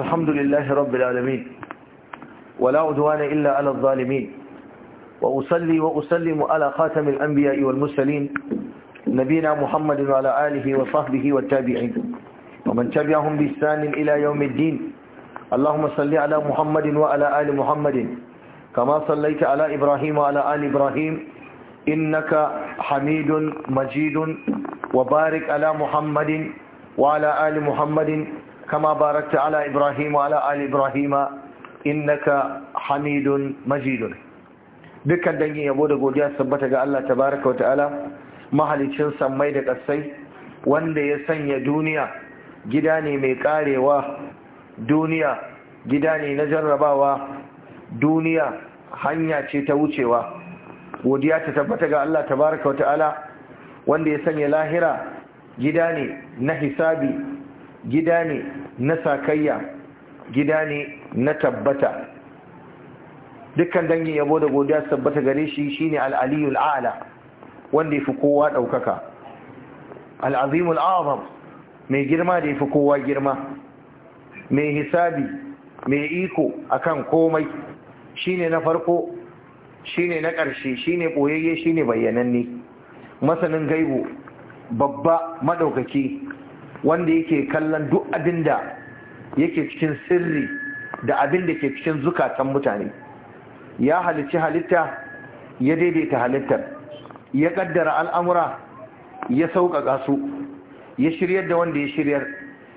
الحمد لله رب العالمين ولا عدوان إلا على الظالمين وأصلي وأسلم على خاتم الأنبياء والمرسلين نبينا محمد وعلى آله وصحبه والتابعين ومن تبعهم بإحسان إلى يوم الدين اللهم صل على محمد وعلى آل محمد كما صليت على إبراهيم وعلى آل إبراهيم إنك حميد مجيد وبارك على محمد وعلى آل محمد كما باركت على إبراهيم وعلى آل إبراهيم إنك حميد مجيد dukkan dangin yabo da godiya sabbata ga Allah tabaraka wa ta'ala mahalicin da ƙasai wanda ya sanya duniya gida ne mai karewa duniya gida ne na jarrabawa duniya hanya ce ta wucewa godiya ta tabbata ga Allah tabaraka wa ta'ala wanda ya sanya lahira gida ne na hisabi gida ne na sakayya gida ne na tabbata dukkan dangin yabo da godiya su tabbata gare shi shine al-aliyul a'la wanda yafi kowa daukaka al-azimul mai girma da yafi kowa girma mai hisabi mai iko a kan komai shine na farko shine na ƙarshe shine boyayye shine bayyananne masanin gaibo babba maɗaukaki. wanda yake kallon duk abin da yake cikin sirri da abin da ke cikin zukatan mutane ya halicci halitta ya daidaita halittar ya kaddara al'amura ya sauƙaƙa su ya shiryar da wanda ya shiryar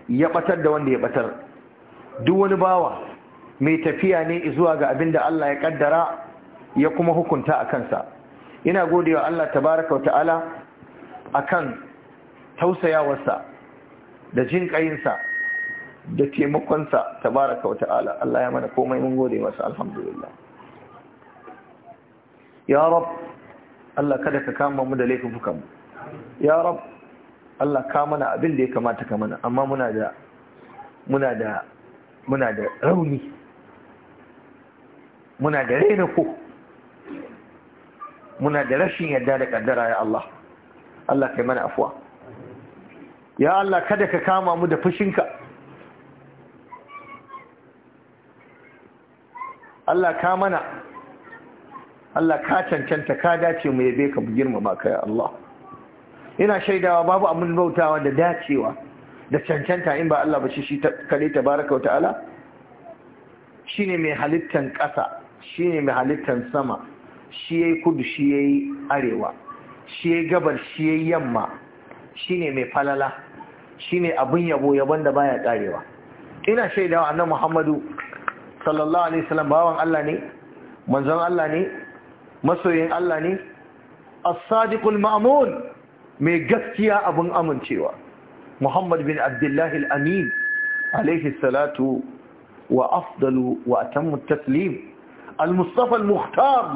ya batar da wanda ya batar duk wani bawa mai tafiya ne zuwa ga abin da Allah ya kaddara ya kuma hukunta a kansa ina godewa Allah tabaraka wa ta'ala akan tausayawarsa da jin kayinsa da taimakonsa tabaraka wa ta'ala Allah ya mana komai mun gode masa alhamdulillah ya rab Allah kada ka kama mu da laifin fukan ya rab Allah ka mana abin da ya kamata ka mana amma muna da muna da muna da rauni muna da raina ko muna da rashin yadda da kaddara ya Allah Allah kai mana afuwa ya Allah kada ka kama mu da fushinka Allah ka mana Allah ka cancanta ka dace mu yabe ka girmama ka ya Allah ina shaidawa babu amin bautawa da dacewa da cancanta in ba Allah ba shi shi kare tabaraka wa ta'ala shine mai halittan ƙasa shine mai halittan sama shi yayi kudu shi yayi arewa shi yayi gabar shi yayi yamma shine mai falala shine abin yabo yabon da baya karewa ina shaida wa annabi Muhammadu sallallahu alaihi wasallam bawan Allah ne manzon Allah ne masoyin Allah ne as-sadiqul ma'mun mai gaskiya abin amincewa Muhammad bin Abdullah al-Amin alaihi salatu wa afdalu wa atammu at-taslim al-Mustafa al-Mukhtar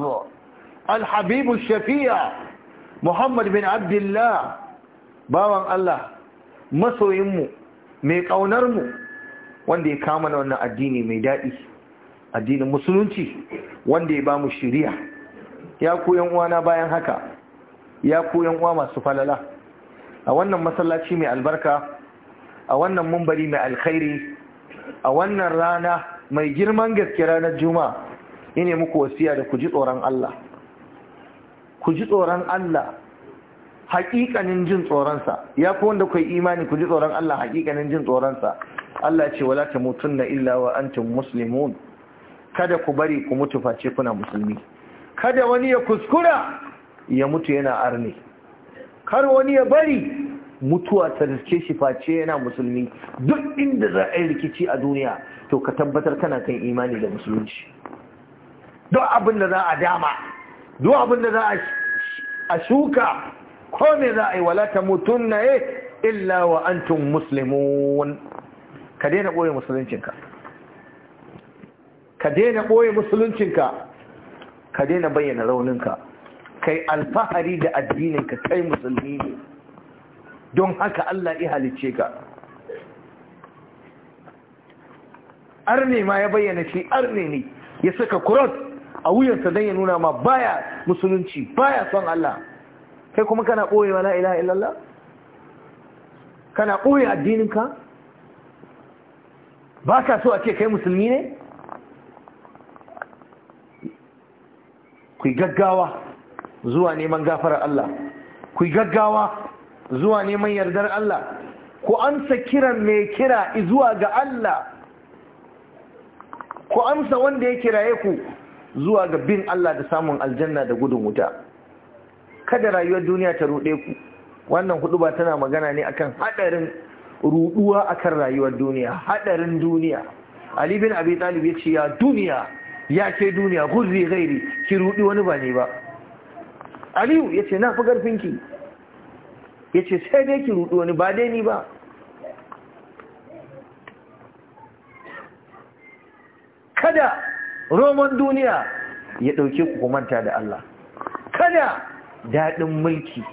al-Habib al-Shafi' Muhammad bin Abdullah bawan Allah masoyinmu mai ƙaunarmu wanda ya kama na wannan addini mai daɗi addinin musulunci wanda ya ba mu shiriya ya koyan uwana bayan haka ya koyan uwa masu falala a wannan masallaci mai albarka a wannan mumbari mai alkhairi a wannan rana mai girman gaske ranar juma'a ine muku wasiya da ku ji tsoron Allah ku ji tsoron Allah haƙiƙanin jin tsoronsa ya fi wanda kai imani ku ji tsoron Allah haƙiƙanin jin tsoronsa Allah ce wala na illa wa antum muslimun kada ku bari ku mutu face kuna musulmi kada wani ya kuskura ya mutu yana arne kar wani ya bari mutuwa ta riske shi face yana musulmi duk inda za a yi rikici a duniya to ka tabbatar kana kan imani da musulunci duk abin da za a dama duk abin da za a shuka ko me za a yi walata tamutunna illawa eh, illa wa tun muslimun ka daina ɓoye musuluncinka ka daina ɓoye musuluncinka ka daina bayyana rauninka kai alfahari da addininka kai musulmi ne don haka Allah ya halicce ka arne ma ya bayyana shi arne ne ya saka cross a wuyansa don ya nuna ma baya musulunci baya son Allah kai kuma kana ɓoye wa la'ilaha illallah kana ɓoye addininka ba ka so a ce kai musulmi ne ku gaggawa zuwa neman gafarar Allah ku gaggawa zuwa neman yardar Allah ku amsa kiran mai kira zuwa ga Allah ku amsa wanda ya kiraye ku zuwa ga bin Allah da samun aljanna da gudun wuta kada rayuwar duniya ta ruɗe ku wannan hudu ba tana magana ne akan hadarin ruɗuwa akan rayuwar duniya hadarin duniya ali bin abi talib ya ce ya duniya ya ce duniya guzi gairi ki ruɗi wani ba ne ba aliyu ya ce na fi ƙarfinki ya ce sai dai ki ruɗi wani ba dai ni ba kada roman duniya ya ɗauke ku manta da Allah kada daɗin mulki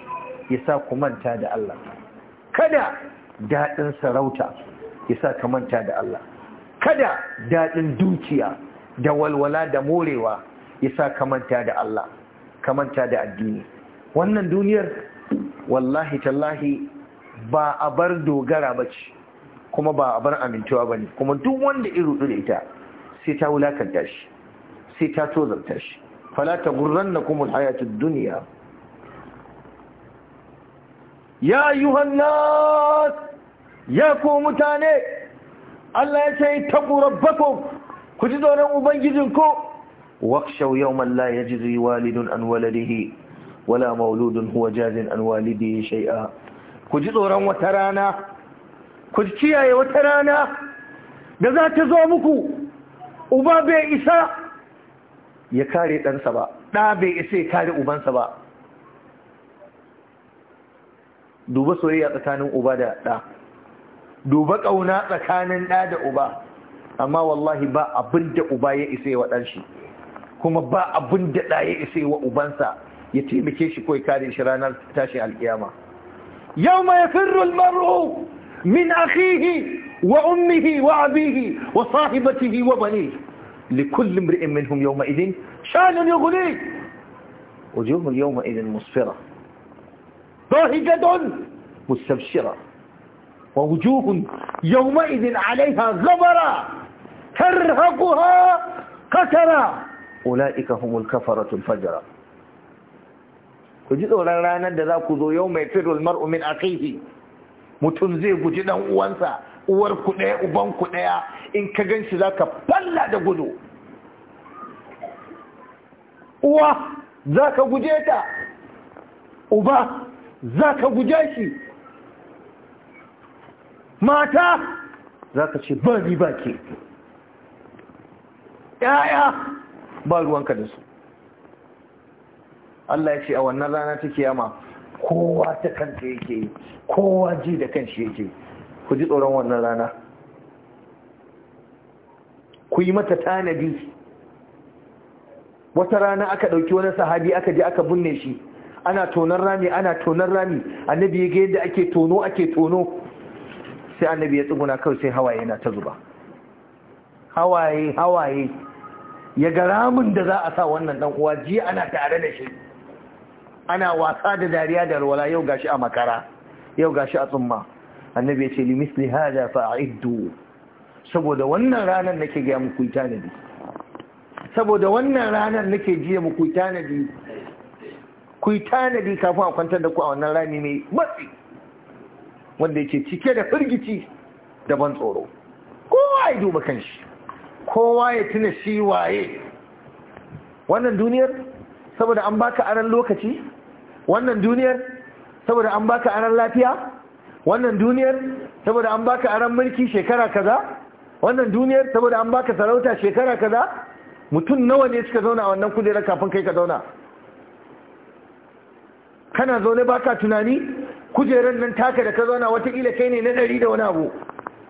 ya sa ku manta da Allah kada daɗin sarauta ya sa ka manta da Allah kada daɗin dukiya da walwala da morewa ya sa ka manta da Allah ka manta da addini wannan duniyar wallahi tallahi ba a bar dogara ba ce kuma ba a bar amintuwa ba ne kuma duk wanda iru da ita sai ta wulakanta shi sai ta tozarta shi fala ta gurran na kuma hayatun duniya ya yi ya ku mutane Allah ya ce taqu rabbakum ku ji tsoron ubangijinku waqshaw yawman la yajzi walidun an waladihi wala mauludun huwa jazin an walidihi shay'a ku ji tsoron wata rana ku kiyaye wata rana da za ta zo muku uba bai isa ya kare ɗansa ba ɗa bai isa ya kare ubansa ba duba soyayya tsakanin uba da da duba kauna tsakanin da da uba amma wallahi ba abin da uba ya isa yi wa shi kuma ba abin da ɗa ya isa yi wa ubansa ya taimake shi ko ya kare shi ranar tashin alkiyama yau yafirru almar'u min akhihi wa ummihi wa abihi wa sahibatihi wa imrin minhum yawma idin shanun yughli wujuhum yawma idin musfirah ضاحكة مستبشرة ووجوه يومئذ عليها غبرة ترهقها قترة أولئك هم الكفرة الفجرة وجدوا لنا ذاك ذو يوم يفر المرء من أخيه متنزيه جدا وانسى ورقنية وبنقنية إن كجنس ذاك بلا دقلو وذاك جدا وبنقنية za ka guje shi mata za ka ce ba ni ba ke ‘ya'ya ba ruwanka da su Allah ya ce a wannan rana ta kiyama kowa ta kanta yake yi, kowa ji da kanshi yake ku ji tsoron wannan rana ku yi mata tanadi wata rana aka ɗauki wani sahabi aka ji aka binne shi ana tonon rami ana tonon rami annabi ya ga yadda ake tono ake tono sai annabi ya tsuguna kawai sai hawaye na ta zuba hawaye hawaye ya ga ramin da za a sa wannan dan uwa jiya ana tare da shi ana wasa da dariya da walwala yau gashi a makara yau gashi a tsumma annabi ya ce li misli hada fa'iddu saboda wannan ranar nake ga muku tanadi saboda wannan ranar nake jiya muku tanadi ku yi tanadi kafin a kwantar da ku a wannan rami mai matsi wanda yake cike da firgici da ban tsoro kowa ya duba kan shi. kowa ya tuna shi waye wannan duniyar saboda an baka aran lokaci wannan duniyar saboda an baka aran lafiya wannan duniyar saboda an baka aran mulki shekara kaza wannan duniyar saboda an baka sarauta shekara kaza mutum nawa ne suka zauna a wannan kujerar kafin kai ka zauna kana zaune baka tunani kujerar nan taka da ka zauna watakila kai ne na ɗari da wani abu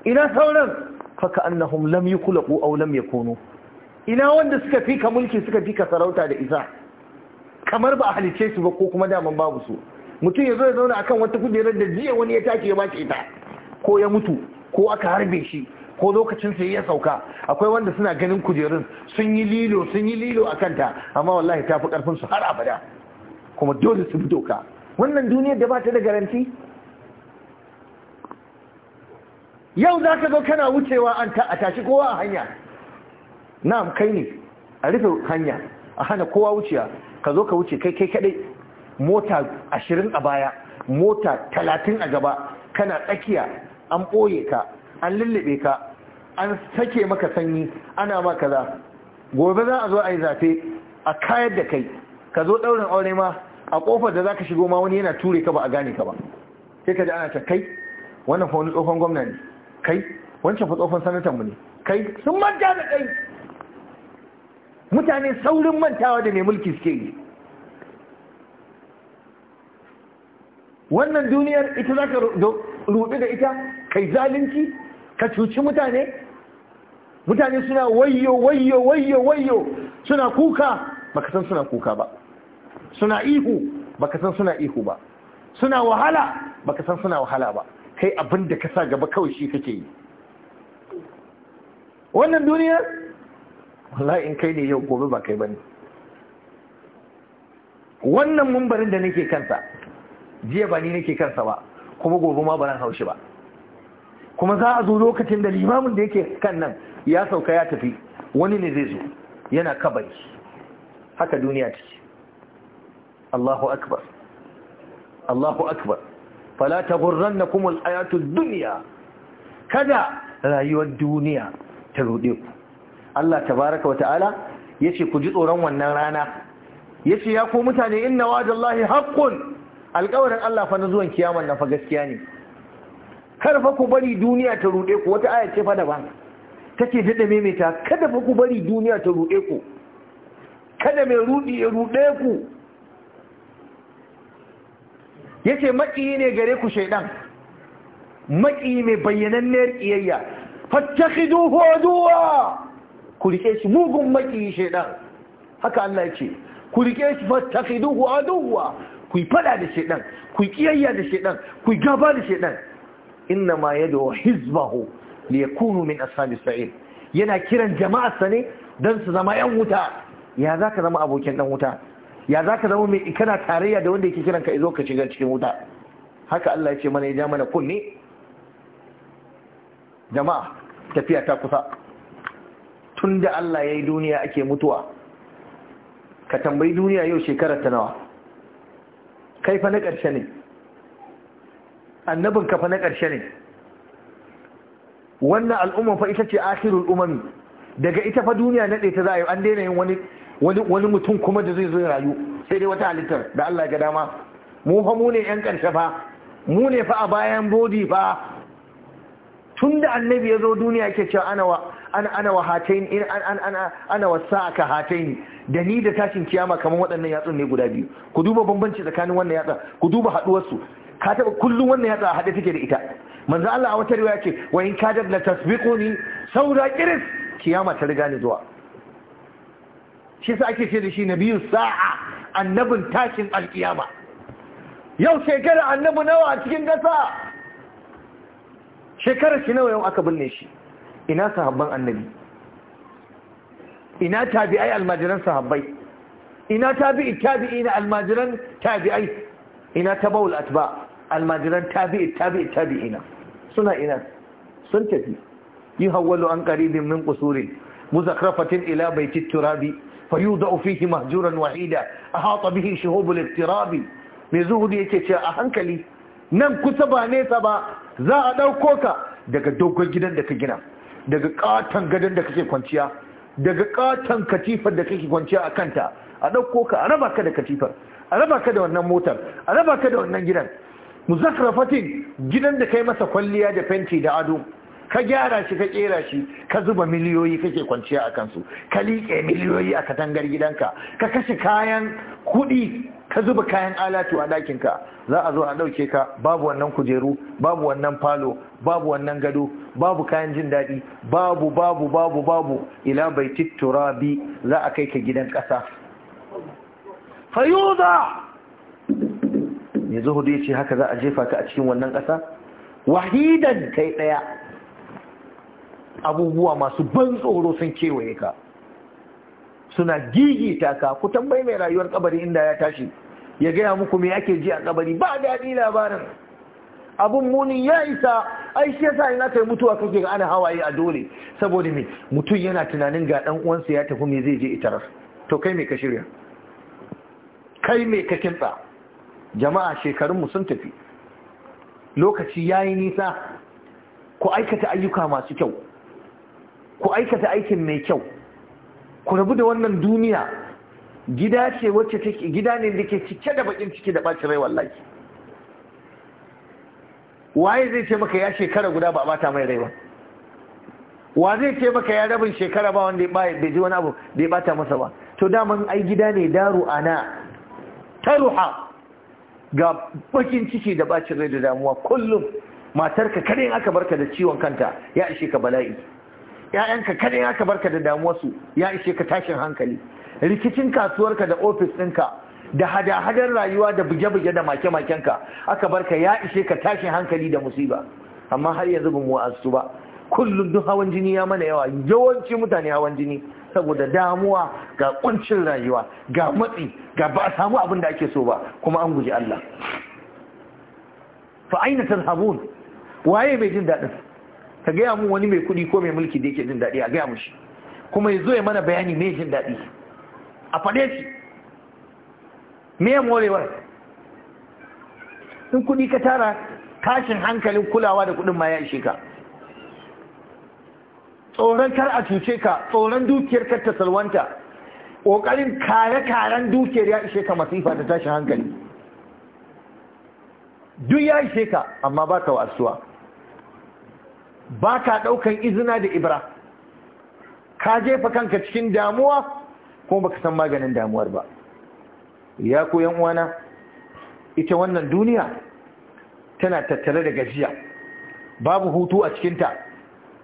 ina sauran faka annahum lam yukhlaqu aw lam yakunu ina wanda suka fi ka mulki suka fi ka sarauta da isa kamar ba a halice su ba ko kuma daman babu su mutum ya zo ya zauna akan wata kujerar da jiya wani ya take ya bace ita ko ya mutu ko aka harbe shi ko lokacin sai ya sauka akwai wanda suna ganin kujerun sun yi lilo sun yi lilo a kanta amma wallahi ta fi karfin su har abada kuma dole su bi doka wannan duniyar da ba ta da garanti yau za ka zo kana wucewa a tashi kowa a hanya Na kai ne a rufe hanya a hana kowa wuciya ka zo ka wuce kai kai kadai mota ashirin a baya mota talatin a gaba kana tsakiya an ɓoye ka an lullube ka an sake maka sanyi ana ma kaza gobe za a zo a yi zafe a kayar da kai ka zo ɗaurin aure ma a kofar da zaka shigo ma wani yana ture ka ba a gane ka ba sai ka ji ana ta kai wannan fa wani tsohon gwamna ne kai wancan fa tsohon sanatan mu ne kai sun manta da kai mutane saurin mantawa da mai mulki suke yi wannan duniyar ita zaka rubi da ita kai zalunci ka cuci mutane mutane suna wayyo wayyo wayyo wayyo suna kuka baka san suna kuka ba suna ihu baka san suna ihu ba suna wahala baka san suna wahala ba kai abin da ka sa gaba kawai shi kake yi wannan duniyar wallahi in kai ne yau gobe ba kai bane wannan mumbarin da nake kansa jiya ba ni nake kansa ba kuma gobe ma baran haushi ba kuma za a zo lokacin da limamin da yake kan nan ya sauka ya tafi wani ne zai zo yana kabari haka duniya take Allahu akbar Allahu akbar fala taghurrannakum al-hayatu ad-dunya kada rayuwar duniya ta rode ku Allah tabaaraka wata'ala yace ku ji tsoron wannan rana yace ya ku mutane inna wa'dallahi haqqun alƙawarin Allah fa na zuwan kiyaman nan fa gaskiya ne kar fa ku bari duniya ta ku wata ce fa take dade maimaita kada fa ku bari duniya ta ruɗe ku kada mai rudi ya ku yace maƙiyi ne gare ku shaidan maƙiyi mai bayyananniyar ƙiyayya fattakhiduhu aduwa ku rike shi mugun maƙiyi shaidan haka Allah yace ku rike shi fattakhiduhu aduwa ku fada da shaidan ku ƙiyayya da shaidan ku gaba da shaidan inna ma yadu hizbahu liyakunu min ashabis sa'id yana kiran jama'arsa ne don su zama 'yan wuta ya zaka zama abokin ɗan wuta ya za ka zama mai kana tarayya da wanda yake kiran ka izo ka shiga cikin wuta haka Allah ya ce mana ya ja mana kunne jama'a tafiya ta kusa tun da Allah ya yi duniya ake mutuwa ka tambayi duniya yau shekarar ta nawa kai fa na ƙarshe ne annabin ka fa na ƙarshe ne wannan al'umma fa ita ce akhirul umami daga ita fa duniya nade ta za a yi an daina yin wani wani mutum kuma da zai zo ya rayu sai dai wata halittar da Allah ga dama mu fa mu ne yan karshe fa mu ne fa a bayan bodi fa tun da annabi ya zo duniya ke cewa ana wa ana wa in an ana ana wa sa'aka hatain da ni da tashin kiyama kamar waɗannan yatsun ne guda biyu ku duba bambanci tsakanin wannan yatsa ku duba haduwar su ka taba kullum wannan yatsa haɗe take da ita manzo Allah a wata riwaya ce wa in kadab la tasbiquni saura kiris kiyama ta riga ni zuwa shi sa ake ce da shi nabiyu sa'a annabin tashin alkiyama yau shekara annabi nawa a cikin gasa shekara shi nawa yau aka binne shi ina sahabban annabi ina tabi'ai almajiran sahabbai ina tabi'i tabi'i na almajiran tabi'ai ina tabawul atba almajiran tabi'i tabi'i na. suna ina sun tafi yi hawwalu an qaribin min qusurin muzakrafatin ila baiti turabi فيوضع فيه مهجورا وحيدا أحاط به شهوب الاضطراب mai zuhudu yake cewa a hankali nan kusa ba nesa ba za a ɗauko ka daga dogon gidan da ka gina daga ƙaton gadon da kake kwanciya daga ƙaton katifar da kake kwanciya a kanta a ɗauko ka a raba ka da katifar a raba ka da wannan motar a raba ka da wannan gidan muzakrafatin gidan da kai masa kwalliya da fenti da ado ka gyara shi ka kera shi ka zuba miliyoyi kake kwanciya a kansu ka liƙe miliyoyi a katangar gidanka ka kashe kayan kuɗi ka zuba kayan alatu a ɗakinka za a zo a ɗauke ka babu wannan kujeru babu wannan falo babu wannan gado babu kayan jin daɗi babu babu babu babu ila bai bi za a kai ka gidan ƙasa fayuza mai ya ce haka za a jefa ka a cikin wannan ƙasa wahidan kai ɗaya abubuwa masu ban tsoro sun kewaye ka suna gigita ka ku tambayi mai rayuwar kabari inda ya tashi ya gaya muku mai ake ji a kabari ba daɗi labarin abun muni ya isa ai shi yasa in aka yi mutuwa kake ga ana hawaye a dole saboda me mutum yana tunanin ga ɗan uwansa ya tafi me zai je itarar to kai me ka shirya kai me ka kintsa jama'a shekarun mu sun tafi lokaci yayi nisa ku aikata ayyuka masu kyau ku aikata aikin mai kyau ku rabu da wannan duniya gida ce wacce take gida ne da ke cike da bakin ciki da bacin rai wallahi waye zai ce maka ya shekara guda ba a bata mai rai ba wa zai ce maka ya rabin shekara ba wanda bai ji wani abu da ya bata masa ba to daman ai gida ne daru ana ta ruha ga bakin ciki da bacin rai da damuwa kullum matarka kare in aka barka da ciwon kanta ya ishe ka bala'i 'ya'yanka kada ya ka barka da damuwarsu ya ishe ka tashin hankali rikicin kasuwarka da ofis ɗinka da hada-hadar rayuwa da buge-buge da make maken ka aka barka ya ishe ka tashin hankali da musiba amma har yanzu ba mu wa'azu ba kullum duk hawan jini ya mana yawa yawanci mutane hawan jini saboda damuwa ga kuncin rayuwa ga matsi ga ba a samu abin da ake so ba kuma an guji Allah fa aina tazhabun waye bai jin dadin ka gaya mu wani mai kuɗi ko mai mulki da yake jin daɗi a gaya mushi kuma ya zo ya mana bayani mai jin daɗi a faɗe shi me ya morewar in kuɗi ka tara kashin hankalin kulawa da kuɗin ma ya ishe ka tsoron kar a cuce ka tsoron dukiyar kar ta salwanta ƙoƙarin kare-karen dukiyar ya ishe ka masifa da tashin hankali duk ya ishe ka amma ba ka wasuwa ba ka ɗaukan izina da ibra ka jefa kanka cikin damuwa kuma ka san maganin damuwar ba ya koyan uwana ita wannan duniya tana tattare da gajiya babu hutu a cikinta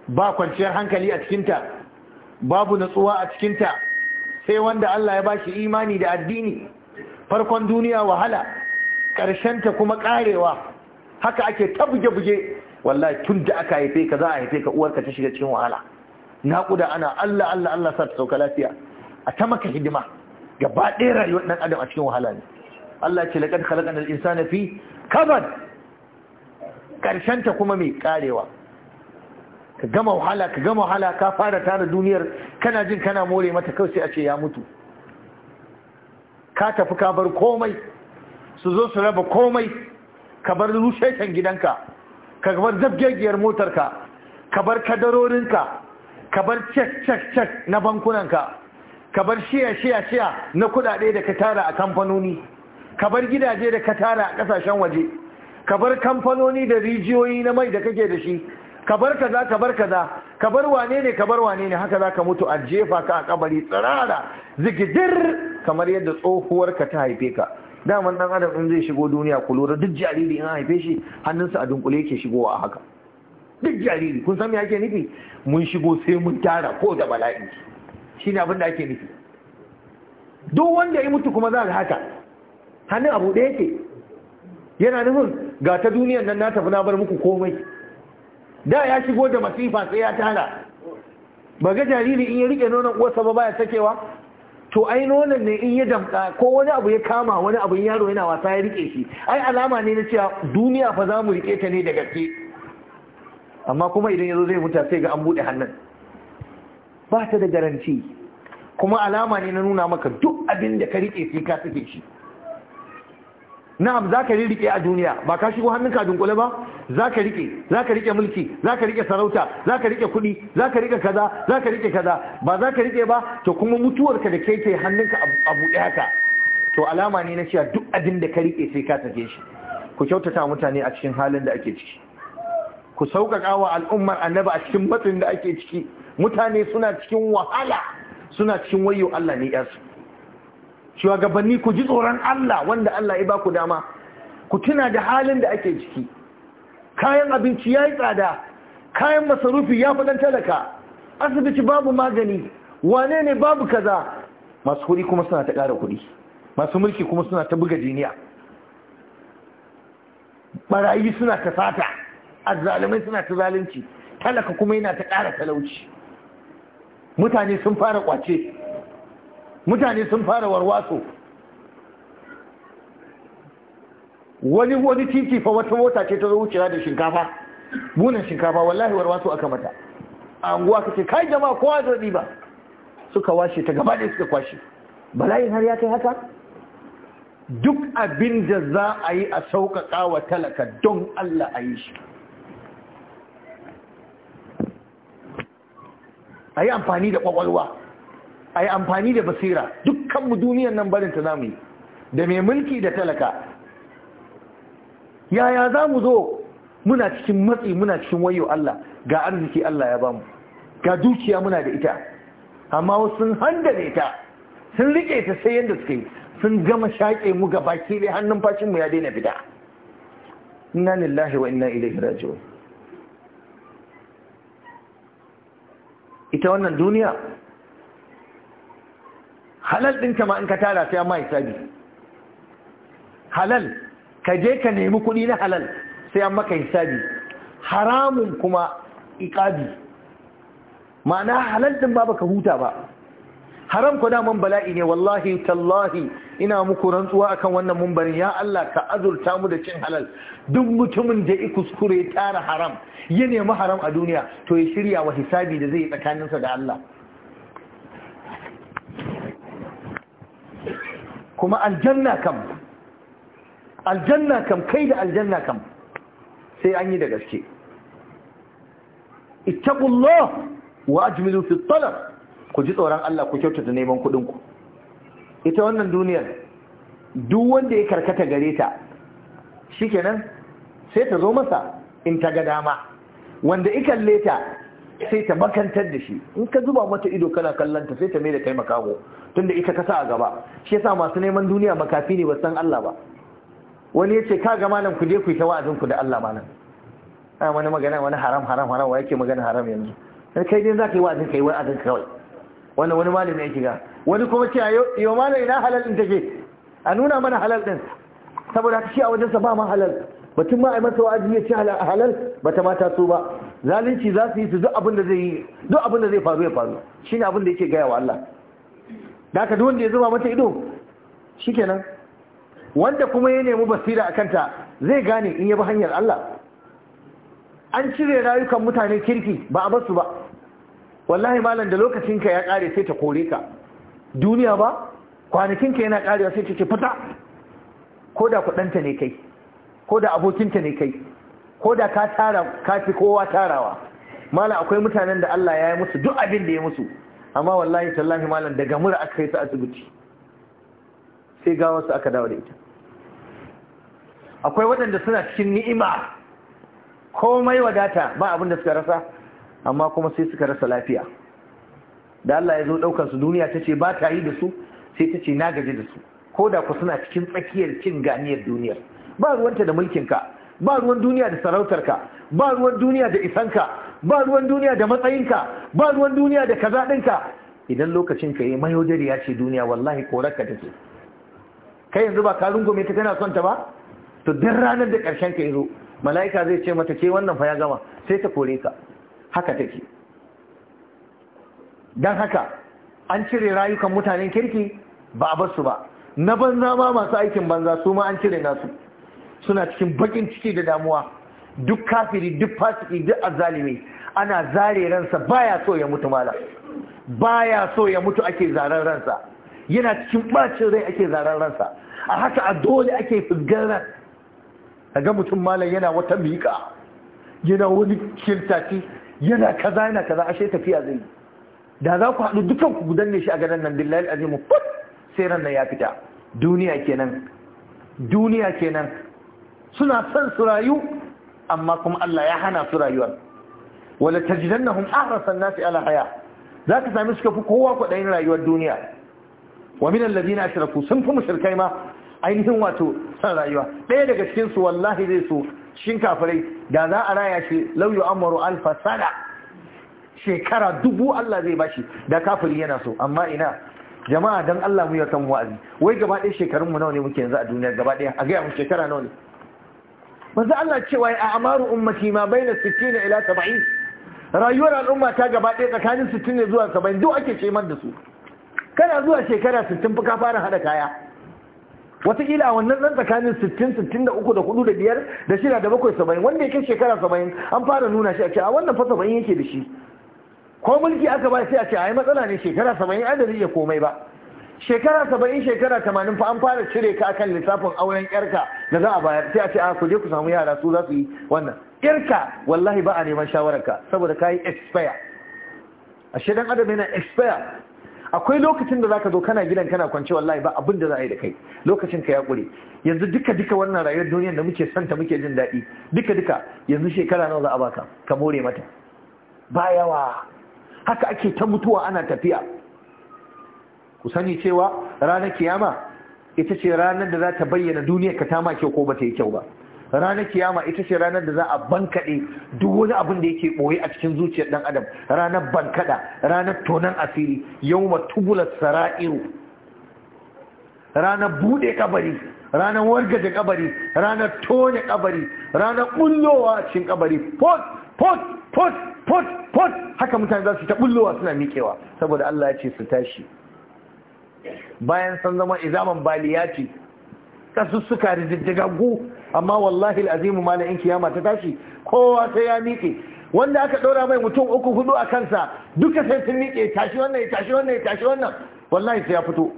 ba kwanciyar hankali a cikinta babu natsuwa a cikinta sai wanda Allah ya ba shi imani da addini farkon duniya wahala ƙarshenta kuma ƙarewa haka ake ta buge-buge wallahi tun da aka haife ka za a haife ka uwarka ta shiga cikin wahala naƙuda ana Allah Allah Allah sa ta sauka lafiya a ta maka hidima gaba ɗaya rayuwar ɗan adam a cikin wahala ne Allah ce laƙad khalaƙan al'insana fi kabad ta kuma mai ƙarewa ka gama wahala ka gama wahala ka fara tara duniyar kana jin kana more mata kawai sai a ce ya mutu ka tafi ka bar komai su zo su raba komai ka bar rushetan gidanka ka bar zabgegiyar motarka ka bar kadarorinka ka bar cek cek cek na bankunanka ka bar shiya shiya shiya na kudade da ka tara a kamfanoni ka bar gidaje da ka tara a kasashen waje ka bar kamfanoni da rijiyoyi na mai da kake da shi ka bar kaza ka bar kaza ka bar wane ne ka bar wane ne haka zaka mutu a jefa ka a kabari tsirara zigidir kamar yadda tsohuwar ka ta haife ka daman dan adam in zai shigo duniya ku lura duk jariri in haife shi hannunsa a dunkule yake shigowa a haka duk jariri kun san me ake nufi mun shigo sai mun tara ko da bala'i shine abin da ake nufi duk wanda ya mutu kuma za ga haka hannun abu ɗaya yake yana nufin ga ta duniyar nan na tafi na bar muku komai da ya shigo da masifa sai ya tara ba ga jariri in ya rike nonon uwarsa ba baya sakewa to ai nonon ne in ya damka ko wani abu ya kama wani abu yaro yana wasa ya rike shi ai alama ne na cewa duniya fa za mu rike ta ne da gaske amma kuma idan yazo zai mutu sai ga an bude hannun ba ta da garanti kuma alama ne na nuna maka duk abin da ka rike sai ka sake shi na'am za ka riƙe a duniya ba ka shigo hannun hannunka dunkule ba za ka riƙe za ka riƙe mulki za ka riƙe sarauta za ka riƙe kuɗi za ka riƙe kaza za ka riƙe kaza ba za ka riƙe ba to kuma mutuwarka da kai ke ka a buɗe haka to alama ne na cewa duk abin da ka riƙe sai ka sake shi ku kyautata mutane a cikin halin da ake ciki ku sauƙaƙa wa al'ummar annaba a cikin matsin da ake ciki mutane suna cikin wahala suna cikin wayo Allah ne yarsu Shuwagabanni ku ji tsoron Allah wanda Allah ya baku dama ku tuna da halin da ake ciki kayan abinci ya yi tsada kayan masarufi ya fi talaka asibiti babu magani wane ne babu kaza masu kuɗi kuma suna ta ƙara kuɗi masu mulki kuma suna ta buga jiniya barayi suna ta sata azalimai suna ta zalunci talaka kuma yana ta ƙara talauci mutane sun fara ƙwace mutane sun fara warwaso wani wani titi fa wata mota ce ta zo wucewa da shinkafa Buna shinkafa wallahi warwaso aka mata a anguwa kace kai jama'a kowa zo ba suka washe ta gaba da suka kwashe bala'in har ya kai haka duk abin da za a yi a sauƙaƙa wa talaka don Allah a yi shi a yi amfani da ƙwaƙwalwa a yi amfani da basira dukkanmu duniyar nan barinta za mu yi da mai mulki da talaka yaya za mu zo muna cikin matsi muna cikin wayo Allah ga arziki Allah ya bamu ga dukiya muna da ita amma wasu sun da ta sun rike ta sai yadda suka yi sun gama shaƙe mu ga baki dai hannun fashin mu ya daina fita inna lillahi wa inna ilaihi raji'un ita wannan duniya halal ɗinka ma in ka tara sai amma hisabi halal ka je ka nemi kuɗi na halal sai maka hisabi haramun kuma iƙabi ma'ana halal ɗin ba baka huta ba haram ku daman bala'i ne wallahi tallahi ina muku rantsuwa akan wannan mumbarin ya Allah ka azurta mu da cin halal duk mutumin da ya kuskure tara haram ya nemi haram a duniya to ya shirya wa hisabi da zai yi tsakaninsa da Allah kuma aljanna kam aljanna kam kai da aljanna kam sai an yi da gaske ittaqullah wa ajmilu fi talab ku ji tsoron Allah ku kyautata neman kudin ku ita wannan duniyar duk wanda ya karkata gare ta shikenan sai ta zo masa in ta ga dama wanda ikalle ta sai ta makantar da shi in ka zuba mata ido kana kallon ta sai ta mai da kai makaho tunda ita kasa a gaba shi yasa masu neman duniya makafi ne ba san Allah ba wani yace ka ga malam ku je ku ta wa'azin ku da Allah malam a wani magana wani haram haram haram wa yake magana haram yanzu kai din zaka yi wa'azin kai wa'azin kawai wannan wani malami yake ga wani kuma ce yo malam ina halal din take a nuna mana halal din saboda shi a wajensa ba ma halal batun ma a masa wa'azi ya ce halal bata mata su ba zalunci za su yi su duk abin da zai faru ya faru ne abin da yake gaya wa Allah da aka duk wanda ya zama mata ido shikenan wanda kuma ya nemi basira a kanta zai gane in ya hanyar Allah an cire rayukan mutane kirki ba a basu ba wallahi malam da lokacinka ya kare sai ta kore ka duniya ba kwanakinka yana karewa sai ta ce fita ko da kudanta ne kai ko da abokinta ne kai ko da ka tara ka fi kowa tarawa mala akwai mutanen da Allah ya yi musu duk abin da ya musu amma wallahi tallahi malam daga mura aka yi su asibiti sai ga wasu aka dawo da ita akwai waɗanda suna cikin ni'ima komai wadata ba abin da suka rasa amma kuma sai suka rasa lafiya da Allah ya zo ɗaukar su duniya ta ce ba ta yi da su sai ta ce na gaji da su ko da ku suna cikin tsakiyar cin ganiyar duniyar ba ruwanta da mulkinka ba ruwan duniya da sarautarka ba ruwan duniya da isanka ba ruwan duniya da matsayinka ba ruwan duniya da kaza ɗinka idan lokacin ka yi mayaudari ya ce duniya wallahi korarka take Ka yanzu ba ka rungume ta kana son ta ba to duk ranar da ƙarshen ka yazo mala'ika zai ce mata ke wannan fa ya gama sai ta kore ka haka take dan haka an cire rayukan mutanen kirki ba a bar su ba na banza ma masu aikin banza su ma an cire nasu suna cikin bakin ciki da damuwa duk kafiri duk fasiki duk azalimi ana zare ransa baya so ya mutu mala baya so ya mutu ake zaren ransa yana cikin bacin rai ake zaren ransa a haka a dole ake fisgar ran daga mutum malam yana wata miƙa yana wani kirtaki yana kaza yana kaza ashe tafiya zai yi da za ku haɗu dukan ku gudan ne shi a ganin nan billahi azimu fut sai ran nan ya fita duniya kenan duniya kenan suna son su rayu amma kuma Allah ya hana su rayuwar wala tajidannahum ahrasan nasi ala haya zaka sami suka fi kowa kwaɗayin rayuwar duniya wa min alladhina ashraku sun fi mushrikai ma ainihin wato san rayuwa ɗaya daga cikin su wallahi zai so shin kafirai da za a raya shi law amaru alfa sana shekara dubu Allah zai bashi da kafiri yana so amma ina jama'a dan Allah mu ya kan wa'azi wai gaba ɗaya shekarun mu nawa ne muke yanzu a duniya gaba ɗaya a ga mu shekara nawa ne manzo Allah cewa a amaru ummati ma baina na ila 70 rayuwar al'umma ta gaba ɗaya tsakanin 60 zuwa 70 duk ake man da su kana zuwa shekara 60 fuka fara hada kaya wata kila wannan ɗan tsakanin 60 63 da 4 da 5 da 6 da 7 70 wanda yake shekara 70 an fara nuna shi a ce a wannan fa 70 yake da shi ko mulki aka ba sai a ce a yi matsala ne shekara 70 an da zai iya komai ba shekara saba'in shekara tamanin fa an fara cire ka akan lissafin auren yarka da za a bayar sai a ce a ah, ku je ku samu yara su za su yi wannan yarka wallahi ba a neman shawararka saboda ka yi expire a shedan adam yana expire akwai lokacin da zaka zo kana gidan kana kwance wallahi ba abin da za a yi da kai lokacin ka ya kure yanzu duka duka wannan rayuwar duniyar da muke santa muke jin daɗi duka duka yanzu shekara nawa za a baka ka more mata ba yawa haka ake ta mutuwa ana tafiya ku sani cewa ranar kiyama ita ce ranar da za ta bayyana duniya ka ta ma kyau ko ba ta yi kyau ba ranar kiyama ita ce ranar da za a bankaɗe duk wani abin da yake ɓoye a cikin zuciyar ɗan adam ranar bankaɗa ranar tonan asiri yau ma tubular sara'iru ranar buɗe kabari ranar wargaje kabari ranar tone kabari ranar bullowa a cikin kabari pot pot pot pot pot haka mutane za su ta bullowa suna miƙewa saboda Allah ya ce su tashi bayan sun zama izaman baliyati kasussuka rididdigaggu amma wallahi al'azimu malamin kiyama ta tashi kowa sai ya miƙe wanda aka ɗora mai mutum uku hudu a kansa duka sai sun miƙe tashi wannan ya tashi wannan ya tashi wannan wallahi sai ya fito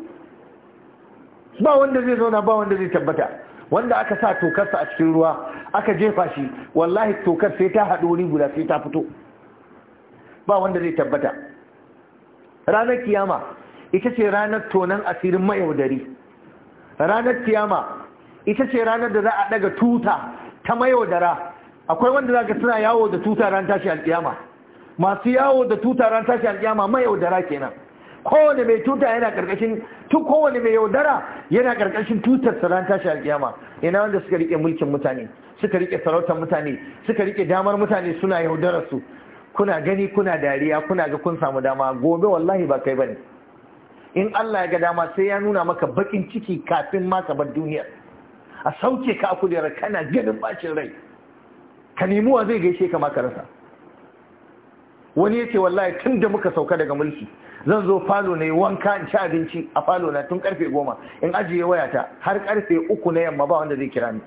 ba wanda zai zauna ba wanda zai tabbata wanda aka sa tokarsa a cikin ruwa aka jefa shi wallahi tokar sai ta haɗu wuri guda sai ta fito ba wanda zai tabbata ranar kiyama ita ce ranar tonan asirin mayaudari ranar kiyama ita ce ranar da za a daga tuta ta mayaudara akwai wanda za ka suna yawo da tuta ran tashi alkiyama masu yawo da tuta ran tashi alkiyama mayaudara kenan kowane mai tuta yana karkashin tu kowane mai yaudara yana karkashin tutar sa ran tashi alkiyama ina wanda suka rike mulkin mutane suka rike sarautar mutane suka rike damar mutane suna yaudarar su kuna gani kuna dariya kuna ga kun samu dama gobe wallahi ba kai bane in Allah ya ga dama sai ya nuna maka bakin ciki kafin ma ka bar duniyar a sauke ka a kujerar kana ganin bacin rai ka nemi wa zai gaishe ka maka rasa wani yace wallahi tun da muka sauka daga mulki zan zo falo na ne wanka in ci abinci a falo na tun karfe goma in ajiye wayata har karfe uku na yamma ba wanda zai kira ni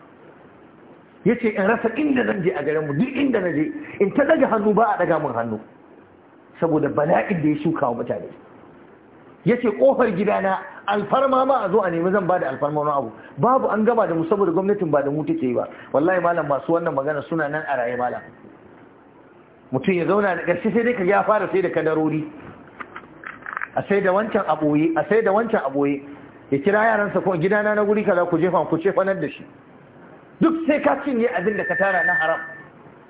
Ya ce in rasa inda zan je a garin mu duk inda na je in ta daga hannu ba a daga mun hannu saboda bala'in da ya shuka wa mutane yace kofar gidana alfarma ma a zo a nemi zan bada alfarma wani abu babu an gama da mu saboda gwamnatin ba da mu take yi ba wallahi malam masu wannan magana suna nan a raye malam mutum ya zauna da gaske sai dai ka ya fara sai da kadarori a a sai da wancan aboye ya kira yaransa ko gidana na guri kaza ku jefa ku ce fanar da shi duk sai ka cinye abin da ka tara na haram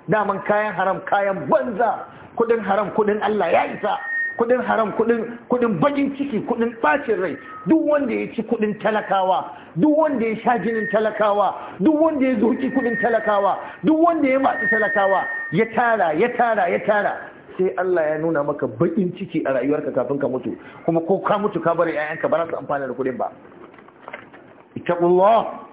daman kayan haram kayan banza kudin haram kudin Allah ya isa kudin haram kudin bakin ciki kudin bacin rai duk wanda ya ci kudin talakawa duk wanda ya sha jinin talakawa duk wanda ya zoki kudin talakawa duk wanda ya matsi talakawa ya tara ya tara ya tara sai Allah ya nuna maka bakin ciki a rayuwarka kafin ka mutu kuma ko ka mutu ka bar ƴaƴanka ba za su amfana da kudin ba ittaqullah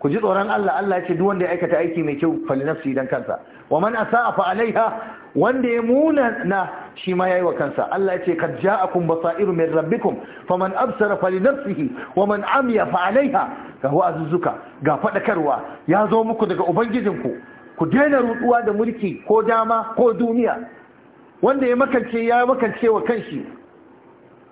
ku ji tsoron Allah Allah ya ce duk wanda ya aikata aiki mai kyau fali nafsi dan kansa wa man asaa fa alaiha wanda ya muna na shi ma ya yi wa kansa Allah yace kad ja'akum basairu min rabbikum faman absara falinafsihi waman amiya fa alaiha ga wa'azuzuka ga fadakarwa ya zo muku daga ubangijinku ku daina rutuwa da mulki ko dama ko duniya wanda ya makance ya makance wa kanshi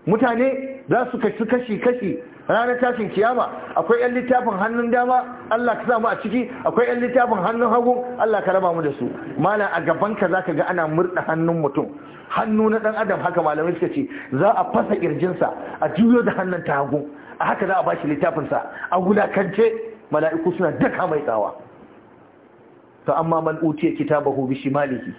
mutane za su kashi kashi ranar tashin kiyama akwai yan littafin hannun dama Allah ka samu a ciki akwai yan littafin hannun hagu Allah ka raba mu da su mala a gaban ka zaka ga ana murda hannun mutum hannu na dan adam haka malamai suka ce za a fasa kirjinsa a juyo da hannun ta hagu a haka za a bashi littafin sa a gulakance mala'iku suna daka mai tsawa To amma man utiya kitabahu bi shimalihi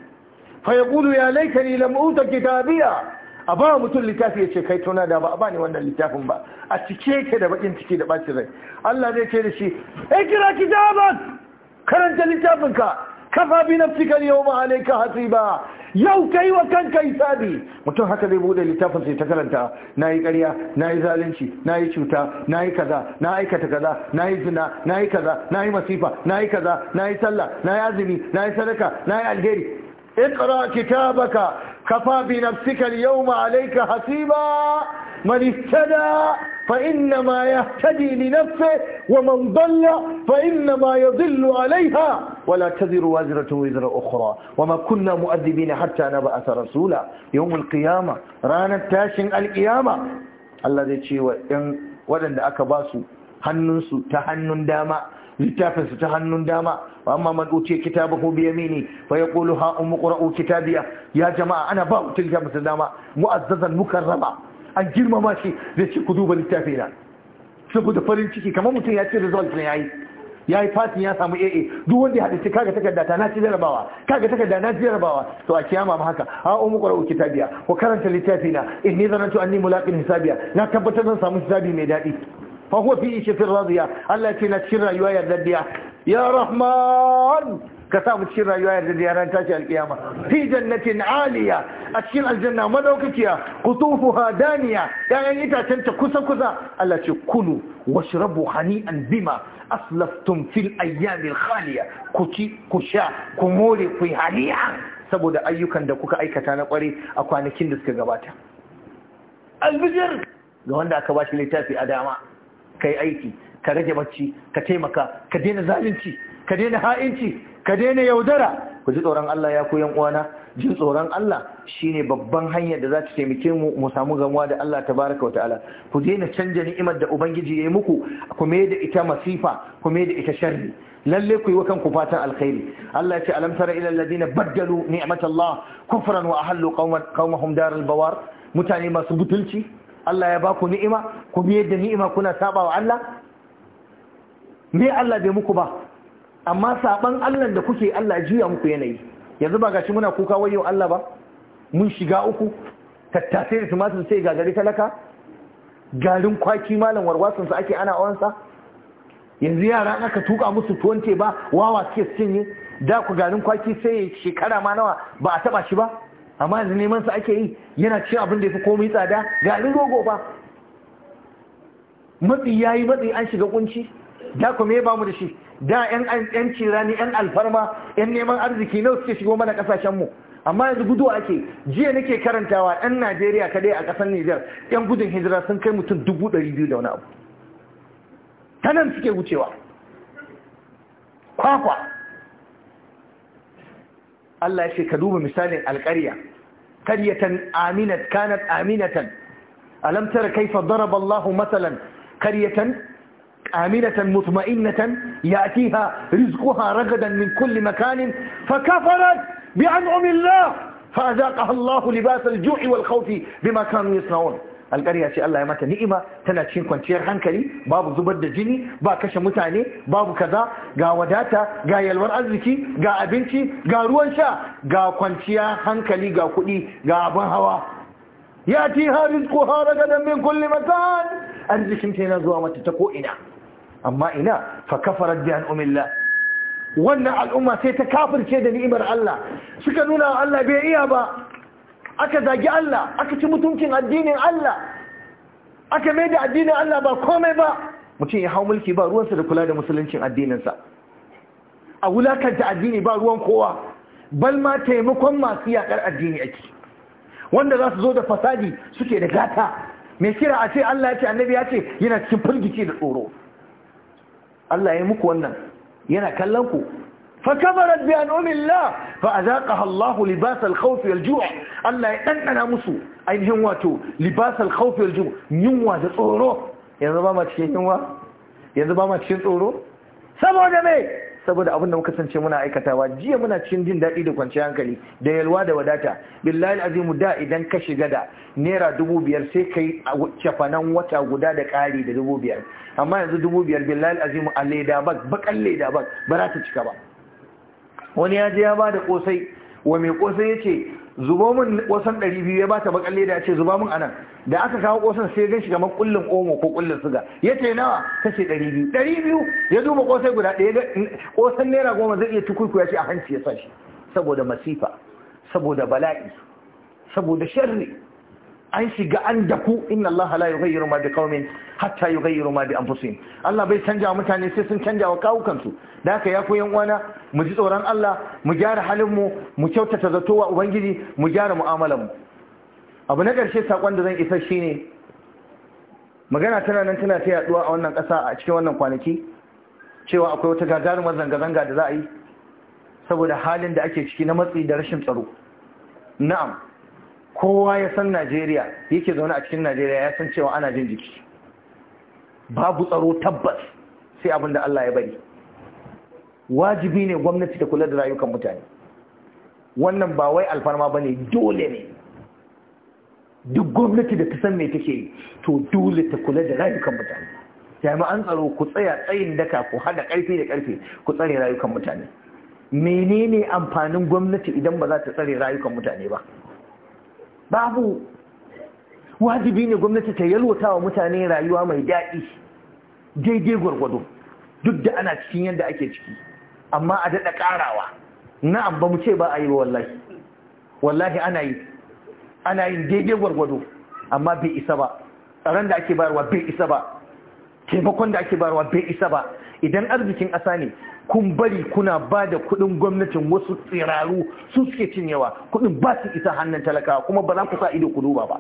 fa yaqulu ya laitani lam uta kitabiya a ba mutum littafi ya ce kai tona da ba a bani wannan littafin ba a cike yake da bakin ciki da bacin rai Allah zai ce da shi kira ki kitaban karanta littafin ka kafa bi nafsika ka hatsi hasiba yau kai wa kanka hisabi mutum haka zai bude littafin sai ta karanta nayi ƙarya nayi zalunci nayi cuta nayi kaza na aikata kaza nayi zina nayi kaza nayi masifa nayi kaza nayi sallah nayi azumi nayi sadaka nayi alheri اقرأ كتابك كفى بنفسك اليوم عليك حسيبا من اهتدى فإنما يهتدي لنفسه ومن ضل فإنما يضل عليها ولا تذر وازرة وزر أخرى وما كنا مؤذبين حتى نبعث رسولا يوم القيامة رانا تاشن القيامة الذي وان ودن أكباسو hannunsu ta hannun dama littafinsu ta hannun dama wa amma man utiya kitabahu bi yamini fa yaqulu ha ummu qra'u kitabiya ya jama'a ana ba utul jama'a dama mu'azzazan mukarrama an girmama shi zai ci ku duba na saboda farin ciki kamar mutum ya ci result ne yayi ya fati fatin ya samu AA duk wanda ya hadisi kaga takarda ta na ci jarabawa kaga takarda na ci jarabawa to a kiyama ma haka ha umu qara'u kitabiya ko karanta littafi na inni zanantu anni mulaqin hisabiya na tabbatar zan samu hisabi mai dadi. fa huwa fi ishfir Allah ce na cikin rayuwa yardaddiya ya rahman ka sa mu cikin rayuwa yardaddiya ran tashi alkiyama fi jannatin aliya a cikin aljanna madaukakiya qutufuha daniya yayan itacen ta kusa kusa Allah ce kulu washrabu hani'an bima aslaftum fil ayyamil haliya, ku ci ku sha ku more ku haliya saboda ayyukan da kuka aikata na kware a kwanakin da suka gabata albijir ga wanda aka ba shi littafi a dama ka yi aiki ka rage bacci ka taimaka ka daina zalunci ka daina ha'inci ka daina yaudara ku ji tsoron Allah ya koyan uwana jin tsoron Allah shine babban hanyar da za ta taimake mu mu samu gamuwa da Allah tabaraka wa ta'ala ku daina canja ni'imar da ubangiji ya yi muku ku mai da ita masifa ku mai da ita sharri lalle ku yi wa kanku fatan alkhairi Allah ya ce alam tara ila alladhina baddalu ni'matallah kufran wa ahallu qaumahum daral bawar mutane masu butulci Allah ya baku ni'ima ku biye da ni'ima kuna saba wa Allah me Allah bai muku ba amma saban Allah da kuke Allah jiya muku yanayi yanzu ba gashi muna kuka wayo Allah ba mun shiga uku tattasai da tumatir sai ga gari talaka garin kwaki malam warwasan su ake ana awansa yanzu yara aka tuka musu tuwon ba wawa suke cinye da ku garin kwaki sai shekara ma nawa ba a taba shi ba amma yanzu neman su ake yi yana ci abin da ya fi komai tsada ga abin rogo ba matsi ya yi matsi an shiga kunci da kuma ya bamu da shi da yan cirani yan alfarma yan neman arziki nawa suke shigo mana kasashen mu amma yanzu gudu ake jiya nake karantawa yan najeriya kadai a kasar nijar yan gudun hijira sun kai mutum dubu ɗari biyu da wani abu ta nan suke wucewa kwakwa Allah ya ce ka duba misalin alƙarya قرية آمنة كانت آمنة ألم تر كيف ضرب الله مثلا قرية آمنة مطمئنة يأتيها رزقها رغدا من كل مكان فكفرت بأنعم الله فأذاقها الله لباس الجوع والخوف بما كانوا يصنعون alƙarya ce Allah ya mata ni'ima tana cikin kwanciyar hankali babu zubar da jini ba kashe mutane babu kaza ga wadata ga yalwar arziki ga abinci ga ruwan sha ga kwanciya hankali ga kuɗi ga abin hawa ya ti haris ko haragadan min kulli matan arzikin ta yana zuwa mata ta ko ina amma ina fa kafarat bi an wannan al'umma sai ta kafirce da ni'imar Allah suka nuna Allah bai iya ba aka zagi Allah aka ci mutuncin addinin Allah aka mai da addinin Allah ba komai ba mutum ya hau mulki ba ruwansa da kula da musuluncin addininsa a wulakanta addini ba ruwan kowa bal ma taimakon masu yakar addini ake wanda za su zo da fasadi suke da gata mai kira a ce Allah ya ce annabi ya ce yana cikin firgici da tsoro Allah ya yi muku wannan yana kallon ku فكفرت بأنعم الله فأذاقها الله لباس الخوف والجوع الله يدننا مسو ainihin wato libasal khawf wal ju' yunwa da tsoro yanzu ba ma cikin yunwa yanzu ba ma cikin tsoro saboda me saboda abin da muka sance muna aikatawa jiya muna cikin jin daɗi da kwanciyar hankali da yalwa da wadata billahi azimu da idan ka shiga da naira dubu biyar sai kai cefanen wata guda da ƙari da dubu biyar amma yanzu dubu biyar billahi azimu a leda bak bakan leda bak ba za ta cika ba wani ya je ya ba da kosai wa mai kosai ya ce zubo min kosan ɗari biyu ya ta bakalle da ya ce zuba min anan da aka kawo kosan sai gan shi kamar makullin omo ko kullin suga ya ce nawa ta ce ɗari biyu ɗari biyu ya duba kosai guda ɗaya kosan naira goma zai iya tukuku ya ce a hanci ya sa shi saboda masifa saboda bala'i saboda sharri an shiga an daku inna Allah la yughayyiru ma biqaumin hatta yughayyiru ma bi anfusihim Allah bai canja wa mutane sai sun canja wa kawukansu da haka ya koyan uwana mu ji tsoron Allah mu gyara halin mu mu kyautata zato wa ubangiji mu gyara mu'amalar mu abu na karshe sakon da zan isa shine magana tana nan tana ta yaduwa a wannan kasa a cikin wannan kwanaki cewa akwai wata gagarumar zanga-zanga da za a yi saboda halin da ake ciki na matsi da rashin tsaro na'am kowa ya san najeriya yake zaune a cikin najeriya ya san cewa ana jin jiki babu tsaro tabbas sai abin da allah ya bari wajibi ne gwamnati ta kula da rayukan mutane wannan ba wai alfarma ba ne dole ne duk gwamnati da ta san me take yi to dole ta kula da rayukan mutane jami'an tsaro ku tsaya tsayin daka ku hada karfe da karfe ku tsare rayukan mutane menene amfanin gwamnati idan ba za ta tsare rayukan mutane ba babu wajibi ne gwamnati ta yalwata wa mutane rayuwa mai daɗi daidai gwargwado duk da ana cikin yadda ake ciki amma a daɗa ƙarawa na amma mu ce ba a yi wallahi wallahi ana yi ana yin daidai gwargwado amma bai isa ba tsaron da ake bayarwa bai isa ba taimakon da ake bayarwa bai isa ba idan arzikin ƙasa ne kun bari kuna ba da kuɗin gwamnatin wasu tsiraru su suke cinyewa kuɗin ba su isa hannun talakawa kuma ba za ku sa ido ku duba ba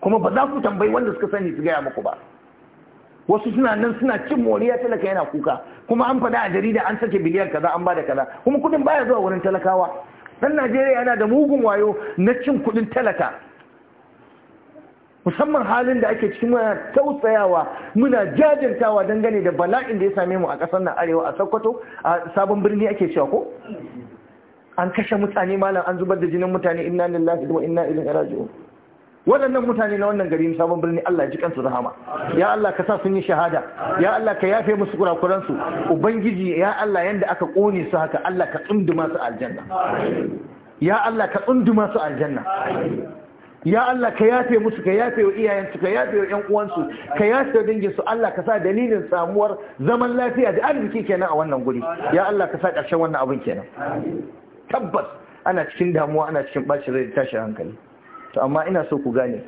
kuma ba za ku tambayi wanda suka sani su gaya muku ba wasu suna nan suna cin moriya talaka yana kuka kuma an faɗa a jarida an sake biliyan kaza an bada kaza kuma kuɗin baya zuwa wurin talakawa dan Najeriya yana da mugun wayo na cin kuɗin talaka musamman halin da ake cikin muna tausayawa muna jajantawa dangane da bala'in da ya same mu a ƙasar nan arewa a sokoto a sabon birni ake cewa ko an kashe mutane malam an zubar da jinin mutane inna lillahi wa inna ilaihi raji'un waɗannan mutane na wannan gari sabon birni Allah ji kansu rahama ya Allah ka sa sun yi shahada ya Allah ka yafe musu kurakuransu ubangiji ya Allah yanda aka kone su haka Allah ka tsunduma su aljanna ya Allah ka tsunduma su aljanna ya Allah ka yafe musu ka yafe wa iyayensu ka yafe wa ƴan uwansu ka yafe wa danginsu Allah ka sa dalilin samuwar zaman lafiya da arziki kenan a wannan guri ya Allah ka sa ƙarshen wannan abin kenan tabbas ana cikin damuwa ana cikin ɓaci rai da tashin hankali to amma ina so ku gane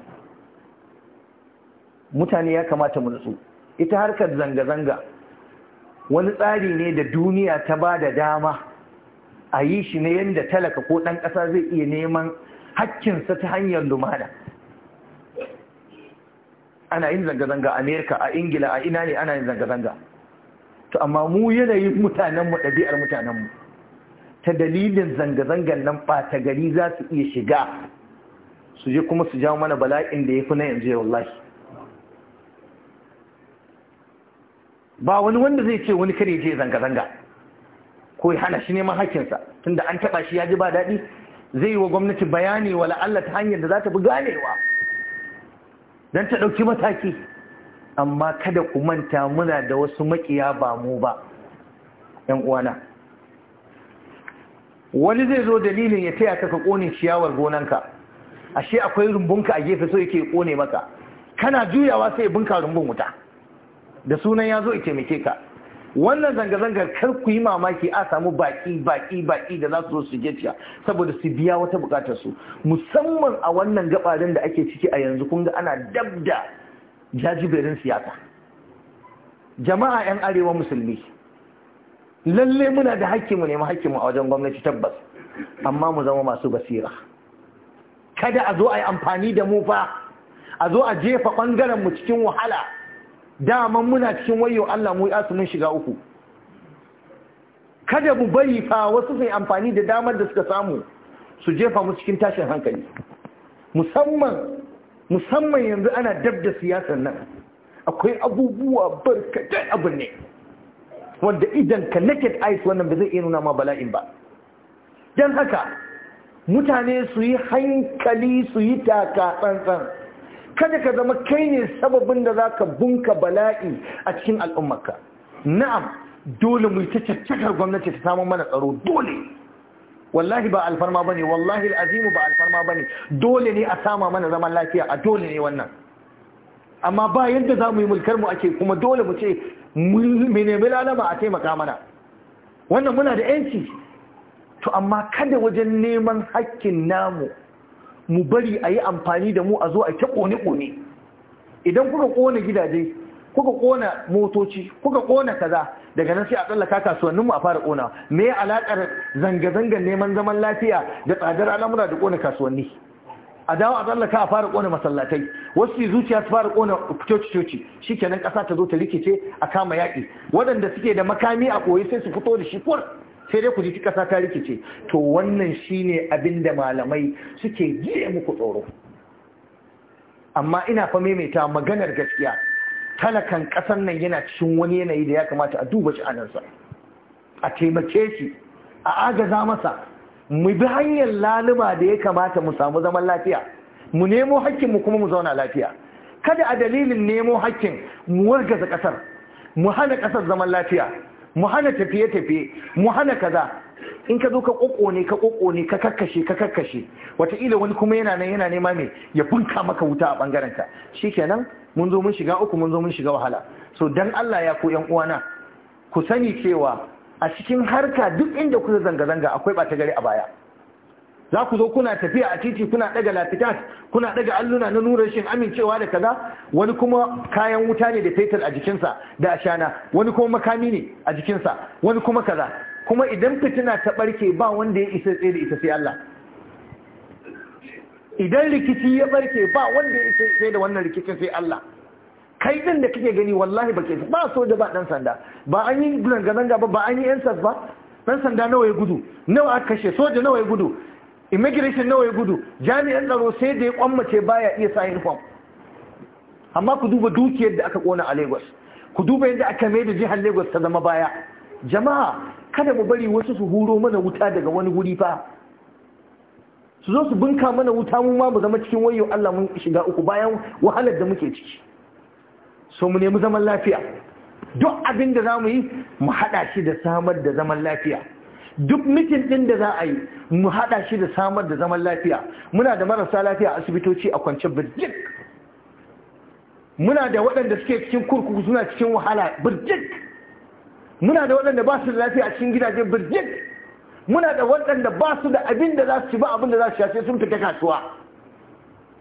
mutane ya kamata mu nutsu ita harkar zanga-zanga wani tsari ne da duniya ta ba da dama a yi shi na yadda talaka ko ɗan ƙasa zai iya neman hakkinsa ta hanyar lumana ana yin zanga-zanga a amerika a ingila a ina ne ana yin zanga-zanga to amma mu yanayin mutanenmu ɗabi'ar mutanenmu ta dalilin zanga-zangan nan ɓata gari za su iya shiga su je kuma su jawo mana bala'in da ya fi na yanzu ya wallahi ba wani wanda zai ce wani kare je zanga-zanga ko ya hana shi neman hakkinsa tunda an taɓa shi ya ji ba daɗi zai yi wa gwamnati bayani wa la'alla ta hanyar da za ta bi ganewa don ta ɗauki mataki amma kada ku manta muna da wasu makiya ba mu ba ‘yan uwana wani zai zo dalilin ya taya ka ka ƙone ciyawar gonanka ashe akwai rumbunka a gefe so yake ƙone maka kana juyawa sai bunka rumbun wuta da sunan ya zo ya taimake ka wannan zanga-zangar kar ku yi mamaki a samu baki baki baki da za su zo su getiya saboda su biya wata bukatar su musamman a wannan gabarin da ake ciki a yanzu kun ga ana dabda jajiberin siyasa jama'a 'yan arewa musulmi lalle muna da hakki mu nemi hakki mu a wajen gwamnati tabbas amma mu zama masu basira kada a zo a yi amfani da mu fa a zo a jefa ɓangaren mu cikin wahala daman muna cikin wayo Allah mu yasu mun shiga uku kada mu bari fa wasu sai amfani da damar da suka samu su jefa mu cikin tashin hankali musamman musamman yanzu ana dab da siyasar nan akwai abubuwa barkatai abu ne wanda idan ka naked eyes wannan ba zai iya nuna ma bala'in ba dan haka mutane su yi hankali su yi taka tsantsan kada ka zama kai ne sababin da za ka bunka bala'i a cikin al'ummarka na'am dole mu yi ta gwamnati ta samun mana tsaro dole wallahi ba alfarma ba ne wallahi al'azimu ba alfarma ba ne dole ne a sama mana zaman lafiya a dole ne wannan amma ba yadda za mu yi mulkar mu ake kuma dole mu ce mu nemi lalama a taimaka mana wannan muna da yanci to amma kada wajen neman hakkin namu mu bari a yi amfani da mu a zo a ta ƙone-ƙone idan kuka ƙone gidaje kuka ƙona motoci kuka ƙona kaza daga nan sai a tsallaka kasuwanninmu a fara ƙona me alaƙar zanga-zangar neman zaman lafiya da tsadar al'amura da ƙona kasuwanni a dawo a tsallaka a fara ƙona masallatai wasu su zuciya su fara ƙona coci-coci kenan ƙasa ta zo ta rikice a kama yaƙi waɗanda suke da makami a ɓoye sai su fito da shi kwar sai dai ku ji kasa ta rikice to wannan shine abin da malamai suke jiye muku tsoro amma ina fa maimaita maganar gaskiya talakan kasan nan yana cikin wani yanayi da ya kamata a duba shi a taimake shi a agaza masa mu bi hanyar laluba da ya kamata mu samu zaman lafiya mu nemo hakkin mu kuma mu zauna lafiya kada a dalilin nemo hakkin mu wargaza kasar mu hana kasar zaman lafiya mu hana tafiye-tafiye mu hana kaza in ka zo ka ne ka ne ka kakkashe ka kakkashe wataƙila wani kuma yana nan yana nema ne ya bunka maka wuta a ɓangaren shi shikenan mun zo mun shiga uku mun zo mun shiga wahala so dan Allah ya ko yan uwana ku sani cewa a cikin harka duk inda kuka zanga-zanga akwai ɓata gari a baya za ku zo kuna tafiya a titi kuna daga lafitas kuna daga alluna na nura shin amincewa da kaza wani kuma kayan wuta ne da fetur a jikinsa da ashana wani kuma makami ne a jikinsa wani kuma kaza kuma idan fitina ta barke ba wanda ya isa tsaye da ita sai Allah idan rikici ya barke ba wanda ya isa tsaye da wannan rikicin sai Allah kai din da kake gani wallahi ba ke ba soja ba dan sanda ba an yi zanga-zanga ba ba an yi yan ba dan sanda nawa ya gudu nawa aka kashe soja nawa ya gudu immigration nawa ya gudu jami'an tsaro sai da ya kwammace baya iya sa uniform amma ku duba dukiyar da aka kona a Lagos ku duba yadda aka mai da jihar Lagos ta zama baya jama'a kada mu bari wasu su huro mana wuta daga wani guri fa su zo su bunka mana wuta mu ma mu zama cikin wayo Allah mun shiga uku bayan wahalar da muke ciki so mu nemi zaman lafiya duk abin da za mu yi mu haɗa shi da samar da zaman lafiya duk mitin din da za a yi mu haɗa shi da samar da zaman lafiya muna da marasa lafiya a asibitoci a kwance birjik muna da waɗanda suke cikin kurkuku suna cikin wahala birjik muna da waɗanda ba su da lafiya a cikin gidaje birjik muna da waɗanda ba su da abin da za su ci ba abin da za su shafe sun fita kasuwa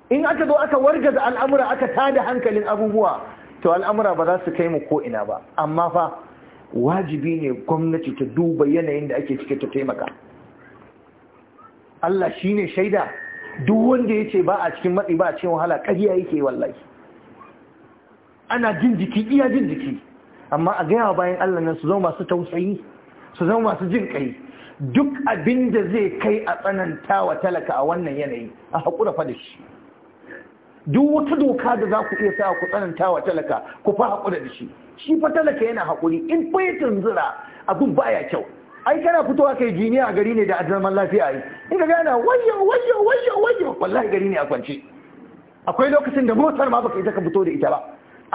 in aka zo aka wargaza al'amura aka tada hankalin abubuwa to al'amura ba za su kai mu ko ina ba amma fa wajibi ne gwamnati ta duba yanayin da ake cike ta taimaka Allah shi ne shaida duk wanda ya ce ba a cikin matsi ba a cikin wahala ƙariya yake wallahi ana jin jiki iya jin jiki amma a gaya bayan Allah nan su zama masu tausayi su zama masu jin kai duk abin da zai kai a tsananta wa talaka a wannan yanayi a haƙura fa da shi duk wata doka da za ku iya sa ku tsananta wa talaka ku fa haƙura da shi shi fa talaka yana haƙuri in fa ya tunzura abin baya kyau ai kana fitowa kai jiniya a gari ne da azaman lafiya ai in ka gana wayyo wayyo wayyo wayyo wallahi gari ne a kwance akwai lokacin da motar ma baka ita ka fito da ita ba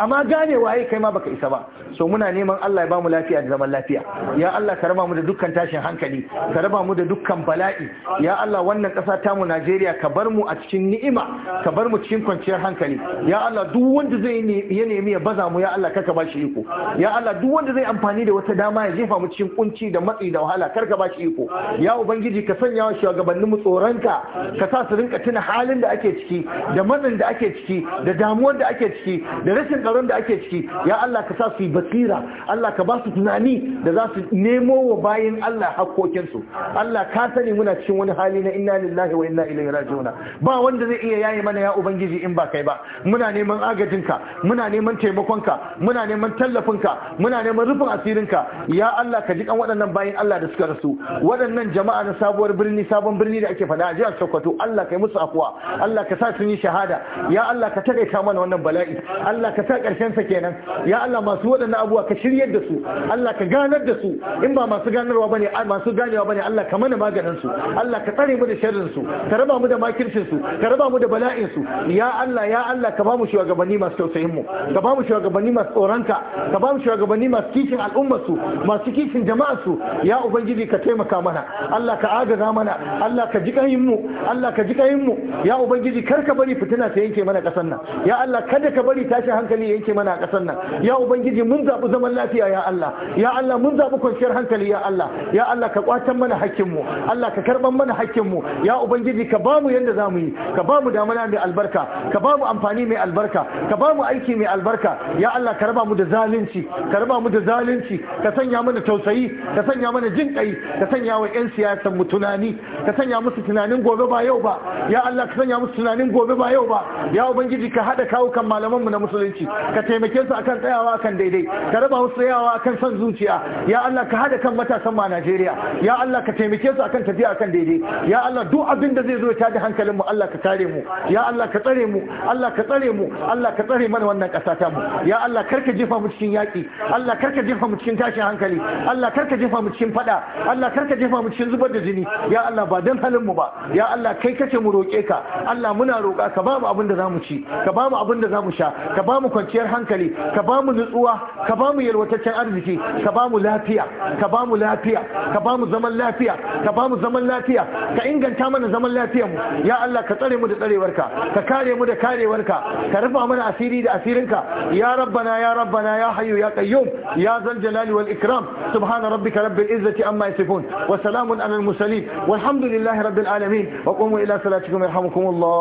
amma gane waye kai ma baka isa ba so muna neman Allah ya bamu lafiya da zaman lafiya ya Allah ka raba mu da dukkan tashin hankali ka raba mu da dukkan bala'i ya Allah wannan kasa ta mu Najeriya ka bar mu a cikin ni'ima ka bar mu cikin kwanciyar hankali ya Allah duk wanda zai ya nemi ya baza mu ya Allah karka ba shi iko ya Allah duk wanda zai amfani da wata dama ya jefa mu cikin kunci da matsi da wahala karka ba shi iko ya ubangiji ka sanya wa shugabannin mu tsoronka ka sa su rinka tuna halin da ake ciki da matsin da ake ciki da damuwar da ake ciki da rashin shekarun da ake ciki ya Allah ka sa su yi basira Allah ka ba su tunani da za su nemo wa bayan Allah hakkokinsu Allah ka sani muna cikin wani hali na inna lillahi wa inna ilaihi raji'un ba wanda zai iya yayi mana ya ubangiji in ba kai ba muna neman agajinka muna neman taimakonka muna neman tallafinka muna neman rufin asirinka ya Allah ka ji waɗannan bayan Allah da suka rasu waɗannan jama'a na sabuwar birni sabon birni da ake faɗa a jihar Sokoto Allah kai musu afuwa Allah ka sa su yi shahada ya Allah ka takaita mana wannan bala'i Allah ka sa sa karshen sa kenan ya Allah masu waɗannan abuwa ka shiryar da su Allah ka ganar da su in ba masu ganarwa bane masu ganewa bane Allah ka mana maganin su Allah ka tsare mu da sharrin su ka raba mu da makircin su ka raba mu da bala'in su ya Allah ya Allah ka ba mu shugabanni masu tausayin mu ka ba mu shugabanni masu tsoronka ka ba mu shugabanni masu kishin al'ummar su masu kishin jama'ar su ya ubangiji ka taimaka mana Allah ka agaza mana Allah ka ji kayin mu Allah ka ji kayin mu ya ubangiji kar ka bari fitina ta yanke mana kasan nan ya Allah kada ka bari tashin hankali ya yanke mana a nan ya ubangiji mun zabi zaman lafiya ya Allah ya Allah mun zabi kwanciyar hankali ya Allah ya Allah ka kwatan mana hakkin mu Allah ka karban mana hakkin mu ya ubangiji ka ba mu yanda zamu yi ka ba mu damana mai albarka ka ba mu amfani mai albarka ka ba mu aiki mai albarka ya Allah ka raba mu da zalunci ka raba mu da zalunci ka sanya mana tausayi ka sanya mana jin kai ka sanya wa yan siyasar mu tunani ka sanya musu tunanin gobe ba yau ba ya Allah ka sanya musu tunanin gobe ba yau ba ya ubangiji ka hada kawo kan malaman mu na musulunci ka taimake su akan tsayawa akan daidai ka raba wasu tsayawa akan son zuciya ya Allah ka hada kan matasan ma Najeriya ya Allah ka taimake su akan tafiya akan daidai ya Allah duk abin da zai zo ta da hankalin mu Allah ka kare mu ya Allah ka tsare mu Allah ka tsare mu Allah ka tsare mana wannan ƙasa ta mu ya Allah karka jefa mu cikin yaƙi Allah karka jefa mu cikin tashin hankali Allah karka jefa mu cikin fada Allah karka jefa mu cikin zubar da jini ya Allah ba dan halin mu ba ya Allah kai kace mu roƙe ka Allah muna roƙa ka ba mu abin da zamu ci ka ba mu abin da zamu sha ka ba mu kwanciyar hankali ka ba mu nutsuwa ka ba mu yalwataccen arziki ka ba mu lafiya ka ba mu lafiya ka ba mu zaman lafiya ka ba mu zaman lafiya ka inganta mana zaman lafiyar mu ya Allah ka tsare mu da tsarewarka ka kare mu da karewarka ka rufa mana asiri da asirinka ya rabbana ya rabbana ya hayyu ya qayyum ya zal jalali wal ikram subhana rabbika rabbil izzati amma yasifun wa salamun alal mursalin walhamdulillahi rabbil alamin wa qumu ila salatikum yarhamukum Allah